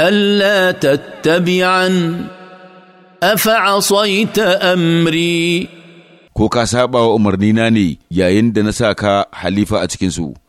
ألا تتبعن أفعصيت amri. ko ka saba wa umarnina ne yayin da na sa ka halifa a cikinsu.